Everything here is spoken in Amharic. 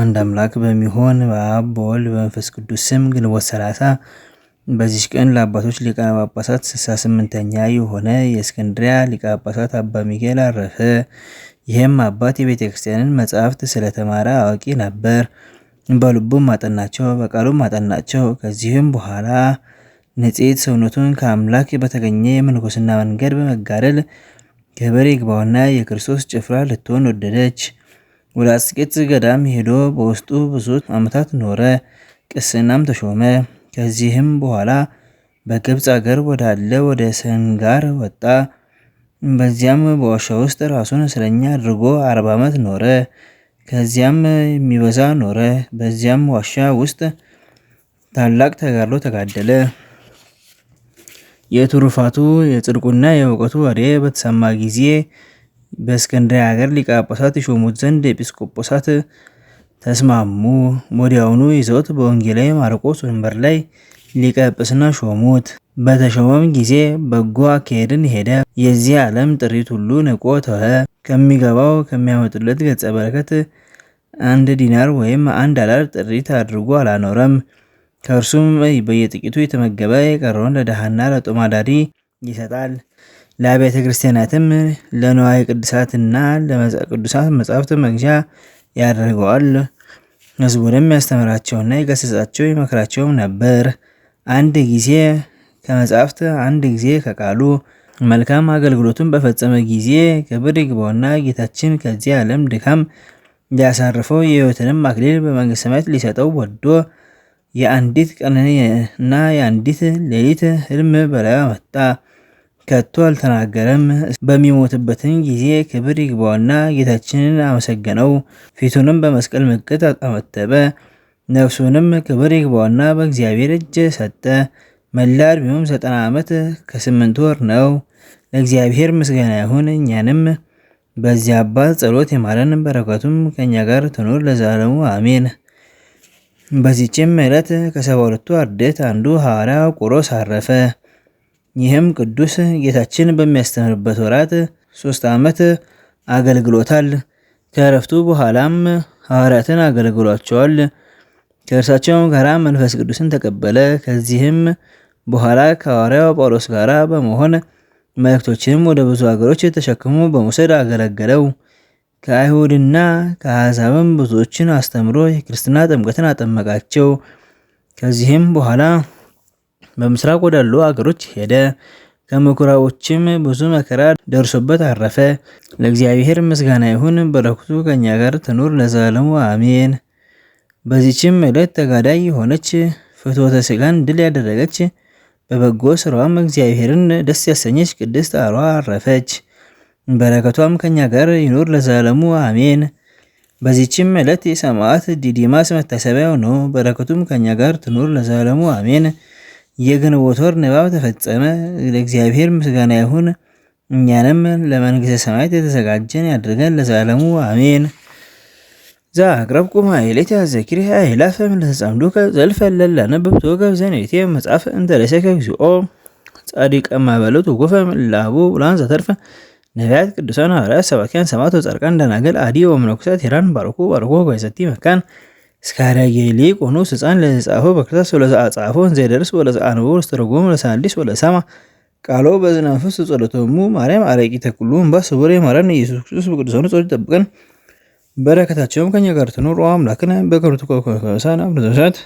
አንድ አምላክ በሚሆን በአብ በወልድ በመንፈስ ቅዱስ ስም ግንቦት ሰላሳ በዚች ቀን ለአባቶች ሊቃነ ጳጳሳት ስልሳ ስምንተኛ የሆነ የእስክንድሪያ ሊቀ ጳጳሳት አባ ሚካኤል አረፈ። ይህም አባት የቤተ ክርስቲያንን መጽሐፍት ስለተማረ አዋቂ ነበር። በልቡም አጠናቸው፣ በቃሉም አጠናቸው። ከዚህም በኋላ ንጽሕት ሰውነቱን ከአምላክ በተገኘ የምንኩስና መንገድ በመጋደል ክብር ይግባውና የክርስቶስ ጭፍራ ልትሆን ወደደች። ወደ አስቄት ገዳም ሄዶ በውስጡ ብዙ ዓመታት ኖረ። ቅስናም ተሾመ። ከዚህም በኋላ በግብፅ አገር ወዳለ ወደ ሰንጋር ወጣ። በዚያም በዋሻ ውስጥ ራሱን እስረኛ አድርጎ አርባ ዓመት ኖረ። ከዚያም የሚበዛ ኖረ። በዚያም ዋሻ ውስጥ ታላቅ ተጋድሎ ተጋደለ። የትሩፋቱ የጽድቁና የእውቀቱ ወሬ በተሰማ ጊዜ በእስክንድርያ ሀገር ሊቀ ጳጳሳት ይሾሙት ዘንድ ኤጲስቆጶሳት ተስማሙ። ወዲያውኑ ይዘውት በወንጌላዊ ማርቆስ ወንበር ላይ ሊቀ ጵጵስና ሾሙት። በተሾመም ጊዜ በጎ አካሄድን ሄደ። የዚህ ዓለም ጥሪት ሁሉ ንቆ ተወ። ከሚገባው ከሚያመጡለት ገጸ በረከት አንድ ዲናር ወይም አንድ አላር ጥሪት አድርጎ አላኖረም። ከእርሱም በየጥቂቱ የተመገበ የቀረውን ለድሃና ለጦም አዳሪ ይሰጣል። ለአብያተ ክርስቲያናትም ለነዋይ ቅዱሳትና ለመጽሐፍ ቅዱሳት መጻሕፍት መግዣ ያደርገዋል። ሕዝቡንም ያስተምራቸውና ይገሥጻቸው ይመክራቸውም ነበር። አንድ ጊዜ ከመጻሕፍት አንድ ጊዜ ከቃሉ መልካም አገልግሎቱን በፈጸመ ጊዜ ክብር ይግባውና ጌታችን ከዚህ ዓለም ድካም ሊያሳርፈው የሕይወትንም አክሊል በመንግሥተ ሰማያት ሊሰጠው ወዶ የአንዲት ቀንና የአንዲት ሌሊት ሕልም በላዩ አመጣ። ከቶ አልተናገረም። በሚሞትበትን ጊዜ ክብር ይግባውና ጌታችንን አመሰገነው። ፊቱንም በመስቀል ምልክት አጠመተበ። ነፍሱንም ክብር ይግባውና በእግዚአብሔር እጅ ሰጠ። መላ ዕድሜውም ዘጠና ዓመት ከስምንት ወር ነው። ለእግዚአብሔር ምስጋና ይሁን፣ እኛንም በዚህ አባት ጸሎት የማረን፣ በረከቱም ከእኛ ጋር ትኑር ለዛለሙ አሜን። በዚችም ዕለት ከሰባ ሁለቱ አርድእት አንዱ ሐዋርያ ቁሮስ አረፈ። ይህም ቅዱስ ጌታችን በሚያስተምርበት ወራት ሶስት ዓመት አገልግሎታል። ከእረፍቱ በኋላም ሐዋርያትን አገልግሏቸዋል። ከእርሳቸውም ጋራ መንፈስ ቅዱስን ተቀበለ። ከዚህም በኋላ ከሐዋርያው ጳውሎስ ጋር በመሆን መልእክቶችንም ወደ ብዙ አገሮች ተሸክሞ በመውሰድ አገለገለው። ከአይሁድና ከአሕዛብም ብዙዎችን አስተምሮ የክርስትና ጥምቀትን አጠመቃቸው። ከዚህም በኋላ በምስራቅ ወዳሉ አገሮች ሄደ። ከምኩራቦችም ብዙ መከራ ደርሶበት አረፈ። ለእግዚአብሔር ምስጋና ይሁን፣ በረከቱ ከኛ ጋር ትኑር ለዘላለሙ አሜን። በዚችም ዕለት ተጋዳይ የሆነች ፍትወተ ስጋን ድል ያደረገች በበጎ ስራዋም እግዚአብሔርን ደስ ያሰኘች ቅድስት አሯ አረፈች። በረከቷም ከኛ ጋር ይኑር ለዘላለሙ አሜን። በዚችም ዕለት የሰማዕት ዲዲማስ መታሰቢያው ነው። በረከቱም ከኛ ጋር ትኑር ለዘላለሙ አሜን። የግንቦት ወር ንባብ ተፈጸመ። ለእግዚአብሔር ምስጋና ይሁን፣ እኛንም ለመንግሥተ ሰማያት የተዘጋጀን ያድርገን ለዘላለሙ አሜን። ዘአቅረብኩ ማሕሌተ ዘኪርየ አእላፈ እምለተጻምዱከ ዘልፈለለ አነበብቶ ገብዘኔቴ መጽሐፈ መጽሐፍ ለእሴከ እግዚኦ ጻዲቀ ማበለቱ ጎፈ እምለአቡ ላንዛ ተርፈ ነቢያት፣ ቅዱሳን ሐዋርያት፣ ሰባኪያን፣ ሰማዕታት፣ ጻድቃን፣ ደናግል፣ አዲ ወመነኮሳት ሂራን ባርኩ ባርኮ ባይሰቲ መካን እስካደየ ይልቅ ኖስ ሕፃን ለጻፈው በክርስቶስ ወለዘአጻፈው እንዘይደርስ ወለዘአንብቦ ወለዘተረጎመ ወለዘሐድስ ወለሰማ ቃሎ በዝናፍስ መንፈስ ጸሎቶሙ ማርያም አረቂ ተኩሉ እምባ ስቡር የማረን ኢየሱስ ክርስቶስ በቅዱሳኑ ጸሎት ይጠብቀን። በረከታቸውም ከኛ ጋር ትኑር። አምላክን በከብርቱ ኮሳና ብዘሳት